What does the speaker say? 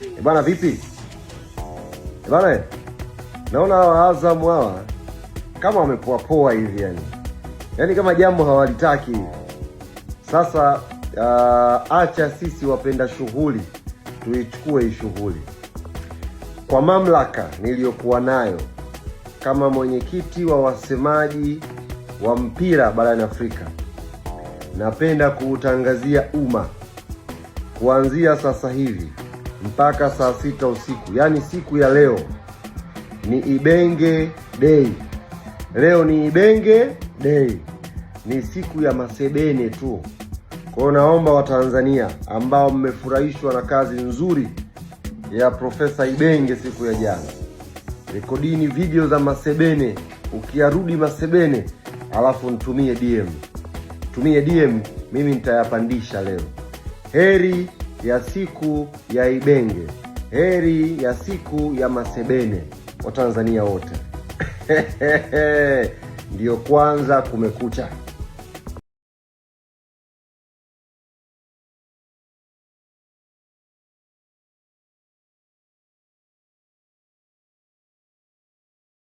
E vipi e eh, bwana, eh, naona hawa Azamu hawa kama wamepoapoa hivi yani, yani kama jambo hawalitaki Sasa uh, acha sisi wapenda shughuli tuichukue hii shughuli kwa mamlaka niliyokuwa nayo kama mwenyekiti wa wasemaji wa mpira barani Afrika, napenda kuutangazia umma kuanzia sasa hivi mpaka saa sita usiku, yaani siku ya leo ni Ibenge Day. Leo ni Ibenge Day, ni siku ya masebene tu. Kwa hiyo naomba Watanzania ambao mmefurahishwa na kazi nzuri ya Profesa Ibenge siku ya jana, rekodini video za masebene, ukiyarudi masebene alafu ntumie DM, tumie DM, mimi nitayapandisha leo. Heri ya siku ya Ibenge, heri ya siku ya Masebene, Watanzania wote ndiyo kwanza kumekucha.